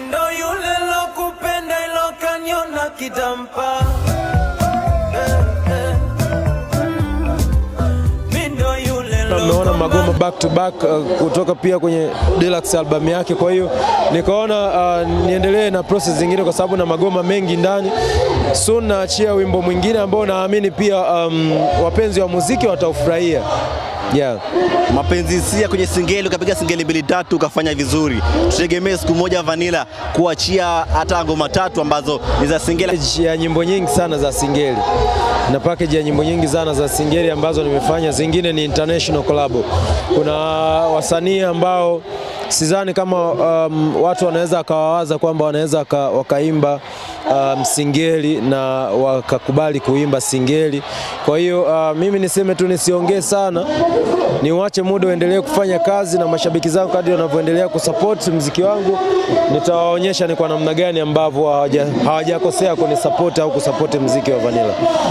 ndo yule lokupenda ilokanyona kitampa magoma back to back uh, kutoka pia kwenye deluxe album yake. Kwa hiyo nikaona uh, niendelee na process zingine, kwa sababu na magoma mengi ndani. Soon naachia wimbo mwingine ambao naamini pia um, wapenzi wa muziki wataufurahia. Yeah. Mapenzi sia kwenye singeli, ukapiga singeli mbili tatu ukafanya vizuri, tutegemee siku moja Vanilla kuachia hata ngoma tatu ambazo ni za singeli. Ya nyimbo nyingi sana za singeli na package ya nyimbo nyingi sana za singeli ambazo nimefanya, zingine ni international collab. Kuna wasanii ambao sidhani kama um, watu wanaweza wakawawaza kwamba wanaweza wakaimba um, na wakakubali kuimba singeli. Kwa hiyo uh, mimi niseme tu nisiongee sana, niuache muda uendelee kufanya kazi, na mashabiki zangu kadri wanavyoendelea kusupport mziki wangu nitawaonyesha ni kwa namna gani ambavyo hawajakosea kunisupport au kusupport mziki wa Vanilla.